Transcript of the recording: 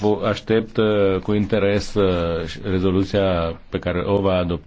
Vă aștept uh, cu interes uh, rezoluția pe care o va adopta